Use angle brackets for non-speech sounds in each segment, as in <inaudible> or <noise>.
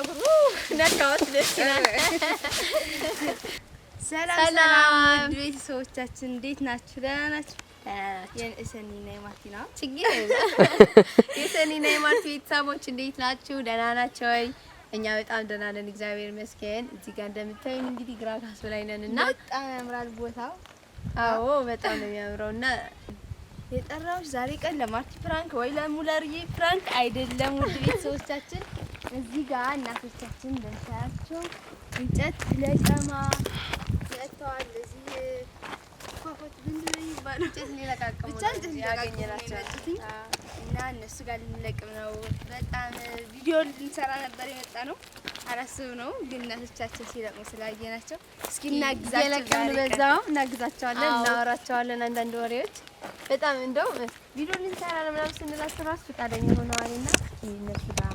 <laughs> ሰላም ሰላም ቤተሰቦቻችን እንዴት ናችሁ? ደህና ናችሁ? የሰኒና የማርቲ <laughs> ቤተሰቦች እንዴት ናችሁ? ደህና ናቸው ወይ? እኛ በጣም ደህና ነን፣ እግዚአብሔር ይመስገን። እዚህ ጋር እንደምታዩን እንግዲህ ግራ ካስ በላይ ነን እና በጣም ያምራል ቦታው። አዎ በጣም ነው የሚያምረው እና የጠራዎች ዛሬ ቀን ለማርቲ ፕራንክ ወይ ለሙለርዬ ፕራንክ አይደለም፣ ውድ ቤተሰቦቻችን እዚህ ጋር እናቶቻችን እንደምታያቸው እንጨት ለጨማ መጥተዋል። እዚህ ፏፏቴ ምንድን ነው እንጨት ሊለቃቅሙ ያገኘናቸው እና እነሱ ጋር ልንለቅም ነው። በጣም ቪዲዮ ልንሰራ ነበር የመጣ ነው አላስብ ነው ግን እናቶቻቸው ሲለቅሙ ስላየናቸው እስኪ እናግዛቸው። በዛውም እናግዛቸዋለን፣ እናወራቸዋለን አንዳንድ ወሬዎች በጣም እንደው ቪዲዮ ልንሰራ ነው ምናምን ስንላቸው ራሱ ፈቃደኛ ሆነዋል እና እነሱ ጋር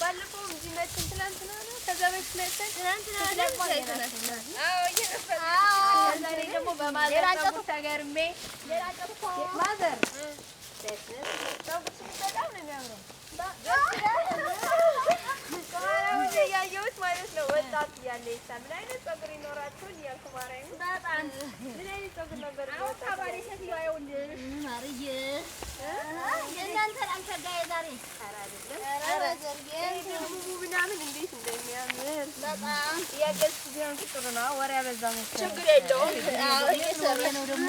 ባለፈው እዚህ መተን ትናንትና ነው። ከዛ በፊት መተን ዛሬ ደግሞ በማዘር ፀጉር ተገርሜ ማዘር በጣም ነው የሚያምረው ያየሁት ማለት ነው። ወጣት እያለ ይሳል ምን አይነት ፀጉር ይኖራቸውን እያልኩ ማርያምን በጣም ምን አይነት ፀጉር ነበር። ምናምን እንዴት እንደሚያምር በጣም እያገዝኩ ቢሆን ጥሩ ነው። ወሬ አበዛ መሰለኝ። ችግር የለውም ነው ደግሞ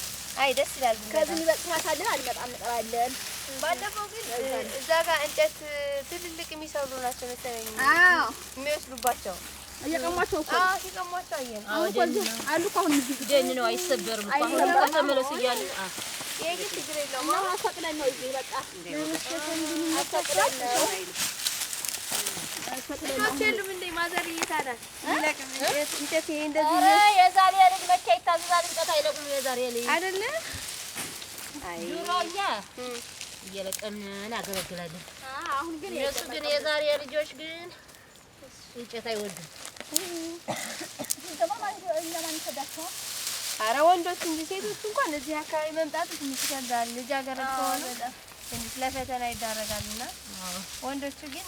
አይ ደስ ይላል። ከዚህ እንበቅላታለን አልመጣም እንጠራለን። ባለፈው ግን እዛ ጋር እንጨት ትልልቅ የሚሰሩ ናቸው መሰለኝ የሚወስዱባቸው እየቀሟቸው እኮ ሲቀሟቸው አየን። አሉ እኮ አሁን ደን ነው አይሰበርም። አሁን ተመለሱ እያሉ ግን ችግር የለውም። አሳቅለን ነው በቃ እየለቀምን አገለግላለን። አሁን ግን እነሱ ግን የዛሬ ልጆች ግን እንጨት አይወዱም። ኧረ ወንዶች እንጂ ሴቶች እንኳን እዚህ አካባቢ መምጣቱ ትንሽ ይከብዳል። ልጃገረድ ከሆነ ትንሽ ለፈተና ይዳረጋልና ወንዶቹ ግን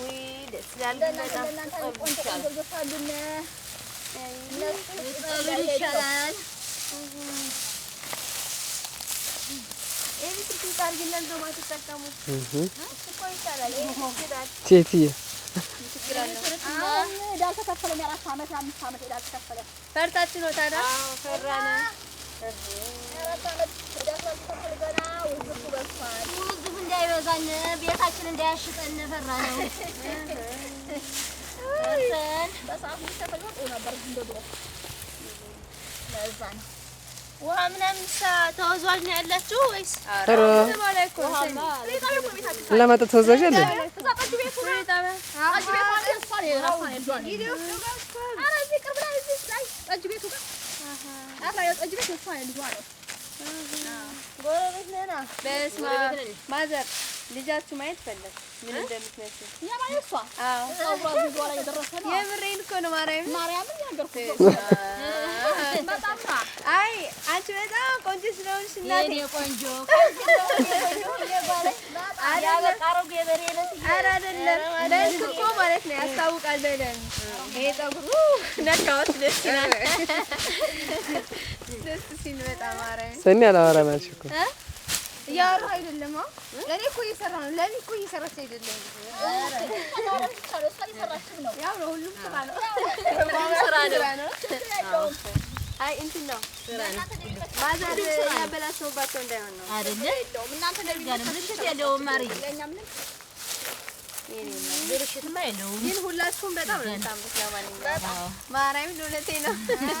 ታዲያ እንዳይበዛን ቤታችን እንዳያሽጠን ፈራ ነው። ውሃ ምናምን ተወዟል ነው ያላችሁ ወይስ ለመጠጥ ተወዛዥ አለ? ጠጅ ቤቱ Gora vidi ልጃችሁ ማየት ፈለግ ምን እንደምትነሱ የማየው እሷ አዎ፣ የምሬን እኮ ነው። ማርያም ማርያምን አይ፣ አንቺ በጣም ቆንጆ ስለሆንሽ እናቴ ቆንጆ <laughs> አይደለም ለእንክ እኮ ማለት ነው ያስታውቃል። በደንብ ይሄ ፀጉር ነካዎት ደስ ይላል። <laughs> ደስ ሲል በጣም ማርያም ሰኒ አላወራም አልሽ እኮ እያወራሁ አይደለም። ለእኔ እኮ እየሰራ ነው። ለእኔ እኮ እየሰራች አይደለም። ያው ነው፣ ሁሉም ስራ ነው። አይ እንትን ነው ማዘር ያበላሸሁባቸው እንዳይሆን ነው አይደለ? ምልክት የለውም ማርዬ፣ ብልሽትማ የለውም። ግን ሁላችሁም በጣም ነው የምታምሩት። ለማንኛውም ማርያምን እውነቴን ነው።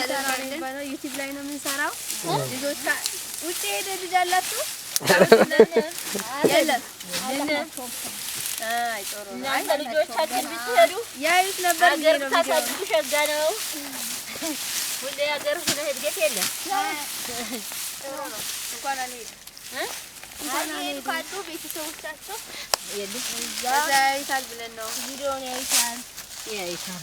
ነገር ዩቲዩብ ላይ ነው የምንሰራው። ልጆች ውጭ ሄደ ልጅ አላችሁ ልጆቻችን ብትሄዱ ያዩት ነበር። ሸጋ ነው ሁሌ ሀገር ሁነ እድገት የለም። ቤተሰቦቻቸው ያዩታል ብለን ነው ቪዲዮውን ያዩታል ያዩታል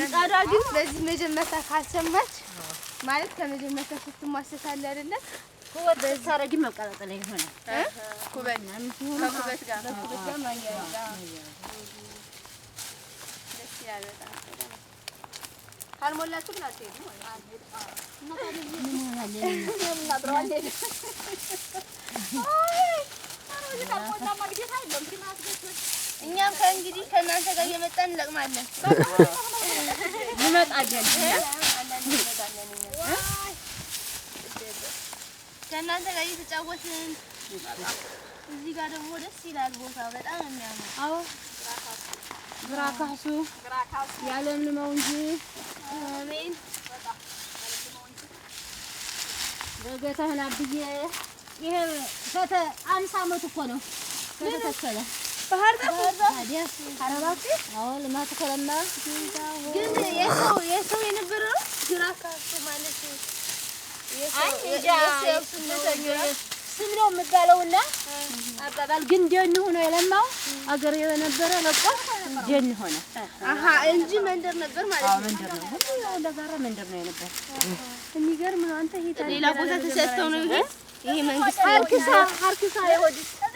ምጣዷ ግን በዚህ መጀመሪያ ካልሰማች ማለት ከመጀመሪያ ስትሟሰት አይደለ? ሳረግን መቀጣጠል ይሆናል። ካልሞላችሁ እኛም ከእንግዲህ ከእናንተ ጋር እየመጣን እንለቅማለን። እንመጣለን ከእናንተ ጋር እየተጫወትን እዚህ ጋር ደግሞ ደስ ይላል ቦታ በጣም የሚያምር አዎ። ግራ ካሱ ያለምንመው እንጂ አሜን በጌታህን አብዬ ይሄ አንድ አመት እኮ ነው ከተተከለ ልማቱ ከለማ ግን የሰው የነበረ ነው። ስም ነው የምባለው እና አባባል ግን ደን ሆኖ የለማው አገር የነበረ ለቆ ደን ሆነ እንጂ መንደር ነበር ማለት ነው። መንደር ነው፣ ሁሉ መንደር ነው የነበር። የሚገርም ነው። አንተ ሌላ ቦታ ተሰጥተው ነው ይሄ መንግስት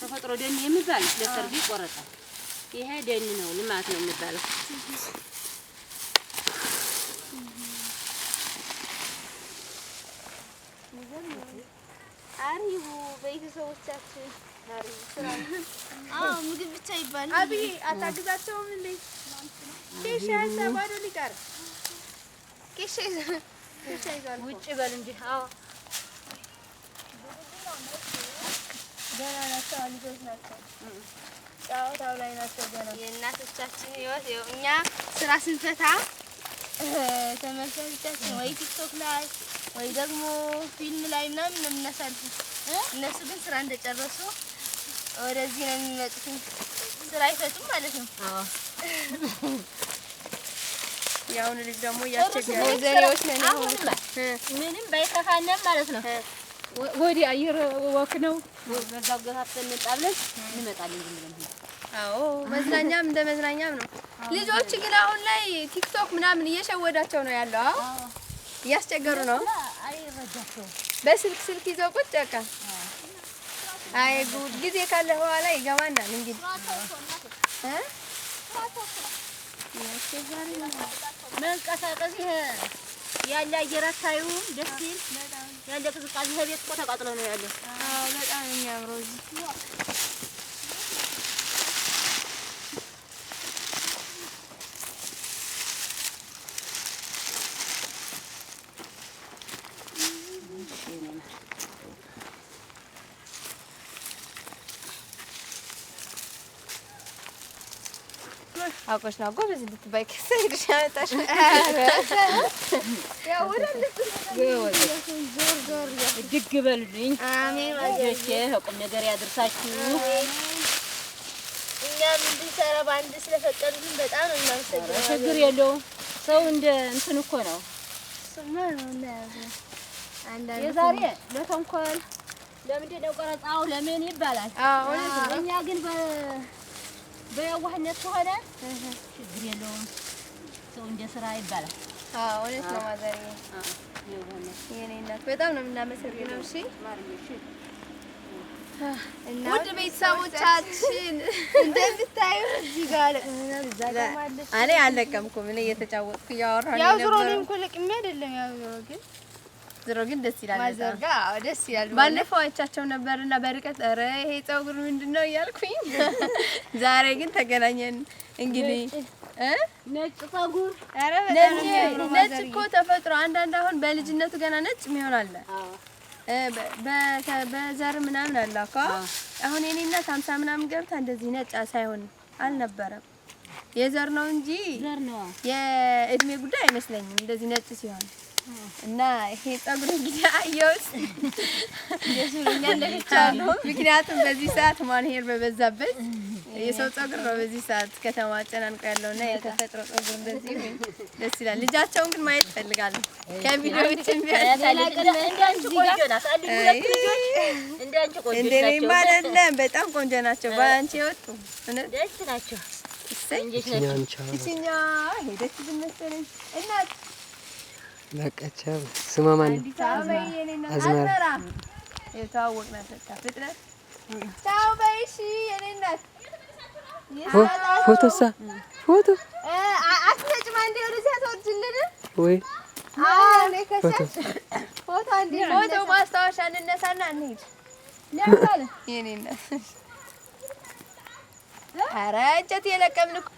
ተፈጥሮ ደን የሚባል ለሰርግ ይቆረጣል። ይሄ ደን ነው፣ ልማት ነው የሚባለው። አሪቡ ቤተሰቦቻችን ምግብ ብቻ ይባል። አብዬ አታግዛቸውም እንዴ? ኬሻ ባዶ ሊቀር ኬሻ ይዟል። ውጭ በል እንጂ ገና ናቸው፣ ልጆች ናቸው፣ ጨዋታው ላይ ናቸው። ገና የእናቶቻችን ህይወት እኛ ስራ ስንፈታ ተመልካቾቻችን ወይ ቲክቶክ ላይ ወይ ደግሞ ፊልም ላይ ምናምን ነው የምናሳልፉት። እነሱ ግን ስራ እንደጨረሱ ወደዚህ ነው የሚመጡት። ስራ አይፈቱም ማለት ነው። የአሁኑ ልጅ ደግሞ እያስቸገረ ምንም ባይከፋንም ማለት ነው ወዲህ አየር ወክ ነው። በዛው ገፋፍተን እንመጣለን። ዝም ብለን አዎ፣ መዝናኛም እንደ መዝናኛም ነው። ልጆች ግን አሁን ላይ ቲክቶክ ምናምን እየሸወዳቸው ነው ያለው። አዎ፣ እያስቸገሩ ነው። በስልክ ስልክ ይዘው ቁጭ በቃ። አይ ጉድ! ጊዜ ካለ በኋላ ይገባናል እንግዲህ እ መንቀሳቀስ ያለ አየራታዩ ደስ ሲል ያለ ቅዝቃዜ ቤት እኮ ተቃጥሎ ነው ያለው። በጣም የሚያምረው እዚህ አውቀሽ ነው ጎበዝ እንድትባይ ከሰይድሽ በሉልኝ። ልጆቼ ቁም ነገር ያድርሳችሁ። እኛም እንድንሰራ በአንድ ስለፈቀዱልን በጣም እናመሰግናለን። ችግር የለውም። ሰው እንደ እንትን እኮ ነው። የዛሬ ለተንኮል ለምንድን ነው ቀረጻው ለምን ይባላል። እኛ ግን በየዋህነት ከሆነ ችግር የለውም። ሰው እንደ ስራ ይባላል። እውነት ነው። ማዘርዬ የእኔ እናት በጣም ነው የምናመሰግነው። እሺ ውድ ቤተሰቦቻችን እንደምታዩ እዚህ ጋር እኔ አለቀምኩም። እኔ እየተጫወጥኩ እያወራሁ ያው ዙሮ እኔም እኮ ለቅሜ አይደለም ያው ግን ዝሮ ግን ደስ ይላል። ማዘርጋ ደስ ይላል። ባለፈው አይቻቸው ነበርና በርቀት ረ ይሄ ጸጉር ምንድነው እያልኩኝ <laughs> ዛሬ ግን ተገናኘን። እንግዲህ ነጭ ፀጉር ነጭ እኮ ተፈጥሮ አንዳንድ አሁን በልጅነቱ ገና ነጭ የሚሆን አለ በዘር ምናምን አለ እኮ አሁን የኔ እናት ሀምሳ ምናምን ገብታ እንደዚህ ነጭ ሳይሆን አልነበረም። የዘር ነው እንጂ የእድሜ ጉዳይ አይመስለኝም እንደዚህ ነጭ ሲሆን እና ይሄ ጸጉር እንግዲህ አየሁት ምክንያቱም በዚህ ሰዓት ማንሄር በበዛበት የሰው ጸጉር ነው። በዚህ ሰዓት ከተማ አጨናንቆ ያለው እና የተፈጥሮ ጸጉር እንደዚህ ደስ ይላል። ልጃቸውን ግን ማየት እፈልጋለሁ። ከቪዲዮ ውጭ እንደኔማ አይደለም። በጣም ቆንጆ ናቸው። በአንቺ የወጡ ናቸው። እሰይ እኛ ሄደች ብትመስለኝ እናት በቃቻ ስሟ ማን አዝመራ ማስታወሻ እንነሳና እንሂድ። ኧረ እንጨት የለቀምን እኮ